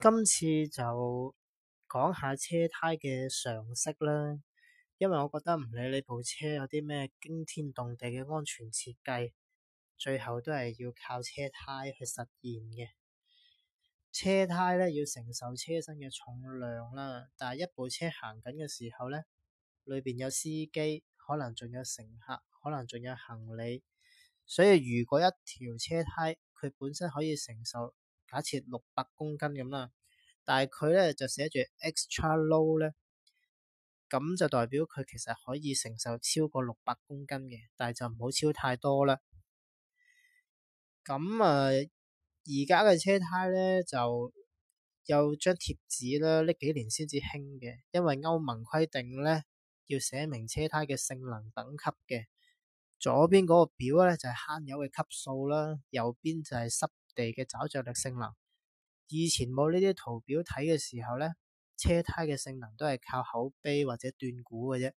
今次就講下車胎嘅常識啦，因為我覺得唔理你部車有啲咩驚天動地嘅安全設計，最後都係要靠車胎去實現嘅。車胎呢要承受車身嘅重量啦，但係一部車行緊嘅時候呢，裏邊有司機，可能仲有乘客，可能仲有行李，所以如果一條車胎佢本身可以承受。假設六百公斤咁啦，但係佢咧就寫住 extra low 咧，咁就代表佢其實可以承受超過六百公斤嘅，但係就唔好超太多啦。咁啊，而家嘅車胎咧就有張貼紙啦，呢幾年先至興嘅，因為歐盟規定咧要寫明車胎嘅性能等級嘅。左邊嗰個表咧就係慳油嘅級數啦，右邊就係濕。地嘅抓著力性能，以前冇呢啲圖表睇嘅時候呢，車胎嘅性能都係靠口碑或者斷估嘅啫。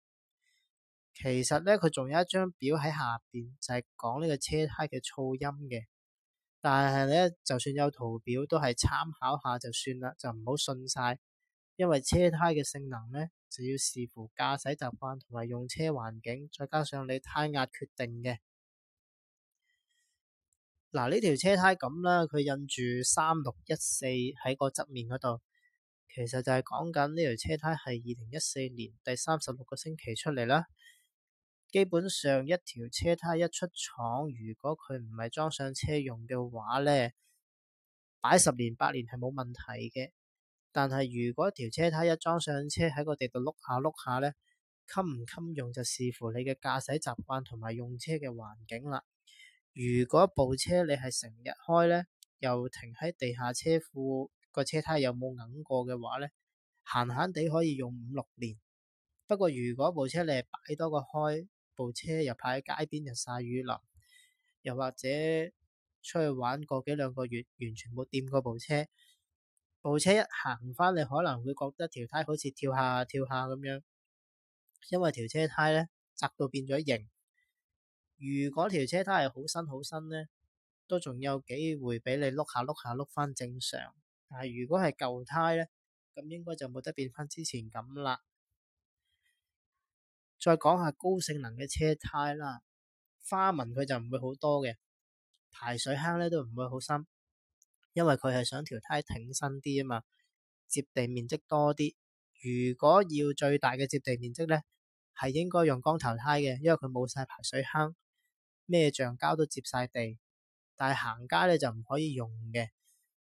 其實呢，佢仲有一張表喺下邊，就係講呢個車胎嘅噪音嘅。但係呢，就算有圖表，都係參考下就算啦，就唔好信晒，因為車胎嘅性能呢，就要視乎駕駛習慣同埋用車環境，再加上你胎壓決定嘅。嗱，呢條車胎咁啦，佢印住三六一四喺個側面嗰度，其實就係講緊呢條車胎係二零一四年第三十六個星期出嚟啦。基本上一條車胎一出廠，如果佢唔係裝上車用嘅話呢，擺十年八年係冇問題嘅。但係如果一條車胎一裝上車喺個地度碌下碌下呢，襟唔襟用就視乎你嘅駕駛習慣同埋用車嘅環境啦。如果部車你係成日開呢，又停喺地下車庫，個車胎又冇硬過嘅話呢，閒閒地可以用五六年。不過如果部車你係擺多過開，部車又擺喺街邊日曬雨淋，又或者出去玩過幾兩個月，完全冇掂過部車，部車一行翻你可能會覺得條胎好似跳下跳下咁樣，因為條車胎呢，窄到變咗形。如果條車胎係好新好新呢，都仲有機會俾你碌下碌下碌翻正常。但係如果係舊胎呢，咁應該就冇得變翻之前咁啦。再講下高性能嘅車胎啦，花紋佢就唔會好多嘅，排水坑咧都唔會好深，因為佢係想條胎挺身啲啊嘛，接地面積多啲。如果要最大嘅接地面積呢，係應該用光頭胎嘅，因為佢冇晒排水坑。咩橡膠都接晒地，但係行街咧就唔可以用嘅。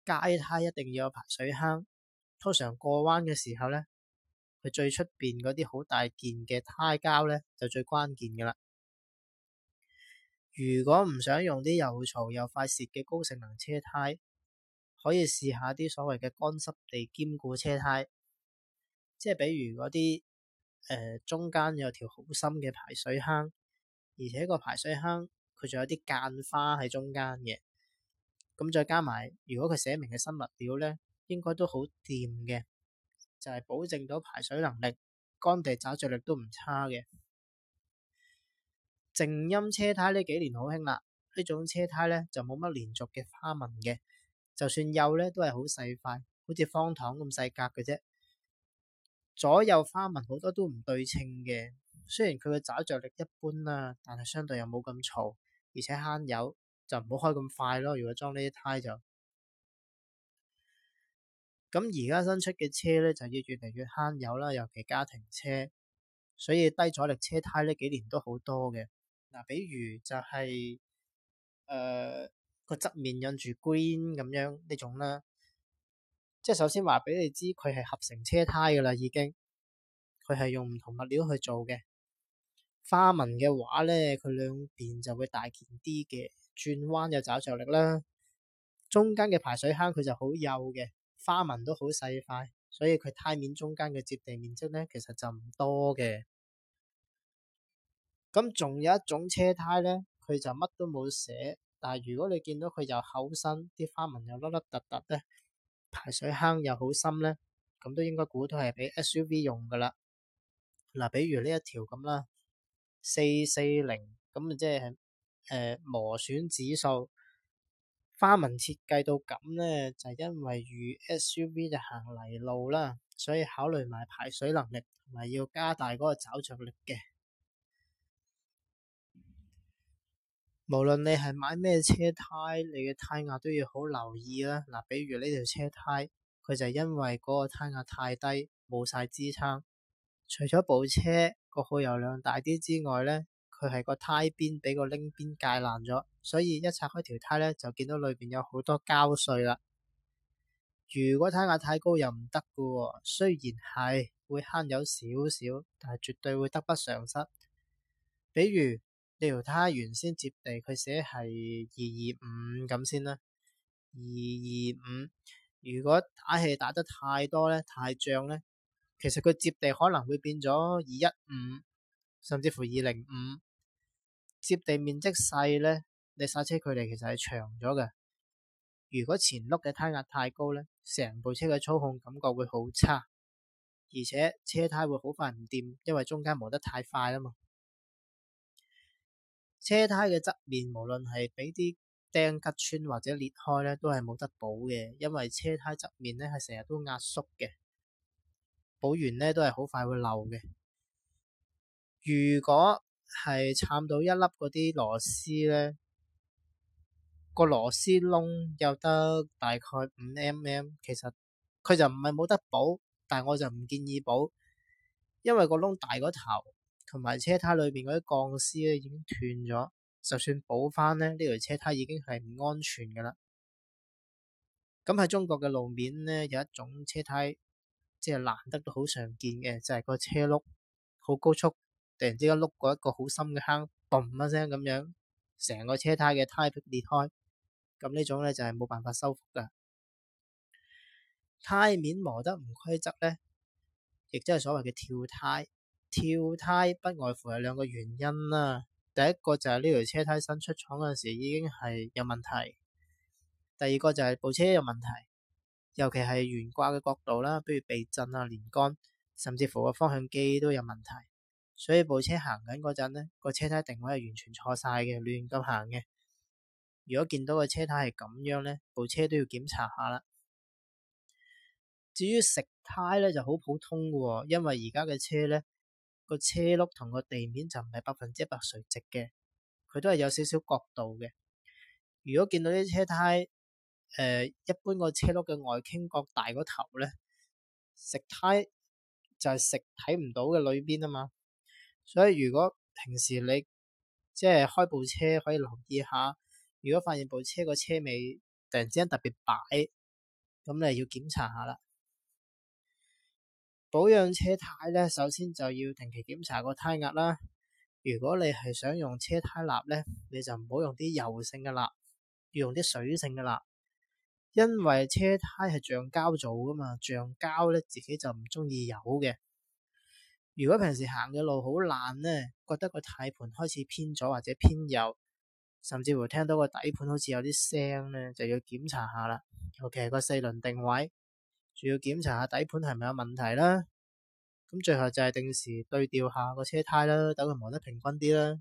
街胎一定要有排水坑，通常過彎嘅時候咧，佢最出面嗰啲好大件嘅胎膠咧就最關鍵㗎喇。如果唔想用啲又嘈又快蝕嘅高性能車胎，可以試下啲所謂嘅乾濕地兼顧車胎，即係比如嗰啲誒中間有條好深嘅排水坑。而且個排水坑佢仲有啲間花喺中間嘅，咁再加埋，如果佢寫明嘅新物料呢，應該都好掂嘅，就係保證到排水能力，乾地抓着力都唔差嘅。靜音車胎呢幾年好興啦，呢種車胎呢就冇乜連續嘅花紋嘅，就算幼呢都係好細塊，好似方糖咁細格嘅啫。左右花紋好多都唔對稱嘅。雖然佢嘅抓着力一般啦，但係相對又冇咁嘈，而且慳油，就唔好開咁快咯。如果裝呢啲胎就，咁而家新出嘅車咧，就要越嚟越慳油啦，尤其家庭車，所以低阻力車胎呢幾年都好多嘅。嗱，比如就係誒個側面印住 green 咁樣呢種啦，即係首先話俾你知佢係合成車胎噶啦，已經，佢係用唔同物料去做嘅。花紋嘅話咧，佢兩邊就會大件啲嘅，轉彎又找着力啦。中間嘅排水坑佢就好幼嘅，花紋都好細塊，所以佢胎面中間嘅接地面積咧，其實就唔多嘅。咁仲有一種車胎咧，佢就乜都冇寫，但係如果你見到佢又厚身，啲花紋又凹凹凸凸咧，排水坑又好深咧，咁都應該估到係俾 SUV 用噶啦。嗱，比如呢一條咁啦。四四零咁啊，40，即係誒、呃、磨損指數花紋設計到咁呢，就係、是、因為如 SUV 就行泥路啦，所以考慮埋排水能力，同埋要加大嗰個抓着力嘅。無論你係買咩車胎，你嘅胎壓都要好留意啦。嗱、呃，比如呢條車胎，佢就係因為嗰個胎壓太低，冇晒支撐。除咗部車個耗油量大啲之外呢，佢係個胎邊俾個拎邊界爛咗，所以一拆開條胎呢，就見到裏邊有好多膠碎啦。如果胎壓太高又唔得噶喎，雖然係會慳有少少，但係絕對會得不償失。比如呢條胎原先接地，佢寫係二二五咁先啦，二二五，如果打氣打得太多呢，太脹呢。其實佢接地可能會變咗二一五，甚至乎二零五。接地面積細呢，你剎車距離其實係長咗嘅。如果前轆嘅胎壓太高呢，成部車嘅操控感覺會好差，而且車胎會好快唔掂，因為中間磨得太快啦嘛。車胎嘅側面，無論係俾啲釘吉穿或者裂開呢，都係冇得補嘅，因為車胎側面呢係成日都壓縮嘅。補完呢都係好快會漏嘅。如果係撐到一粒嗰啲螺絲呢，個螺絲窿又得大概五 mm，其實佢就唔係冇得補，但係我就唔建議補，因為個窿大個頭，同埋車胎裏邊嗰啲鋼絲咧已經斷咗，就算補翻呢，呢條車胎已經係唔安全噶啦。咁喺中國嘅路面呢，有一種車胎。即係難得都好常見嘅，就係個車轆好高速，突然之間碌過一個好深嘅坑，嘣一聲咁樣，成個車胎嘅胎壁裂開，咁呢種咧就係冇辦法修復噶。胎面磨得唔規則咧，亦即係所謂嘅跳胎。跳胎不外乎係兩個原因啦，第一個就係呢條車胎新出廠嗰陣時已經係有問題，第二個就係部車有問題。尤其係懸掛嘅角度啦，譬如避震啊，連杆甚至乎個方向機都有問題，所以部車行緊嗰陣呢，個車胎定位係完全錯晒嘅，亂咁行嘅。如果見到個車胎係咁樣呢，部車都要檢查下啦。至於食胎呢，就好普通嘅，因為而家嘅車呢，個車轆同個地面就唔係百分之一百垂直嘅，佢都係有少少角度嘅。如果見到啲車胎，誒、呃，一般個車轆嘅外傾角大個頭咧，食胎就係食睇唔到嘅裏邊啊嘛，所以如果平時你即係開部車可以留意下，如果發現部車個車尾突然之間特別擺，咁你要檢查下啦。保養車胎咧，首先就要定期檢查個胎壓啦。如果你係想用車胎蠟咧，你就唔好用啲油性嘅蠟，要用啲水性嘅蠟。因為車胎係橡膠做噶嘛，橡膠咧自己就唔中意油嘅。如果平時行嘅路好爛咧，覺得個軚盤開始偏左或者偏右，甚至乎聽到個底盤好似有啲聲咧，就要檢查下啦。尤其係個四輪定位，仲要檢查下底盤係咪有問題啦。咁最後就係定時對調下個車胎啦，等佢磨得平均啲啦。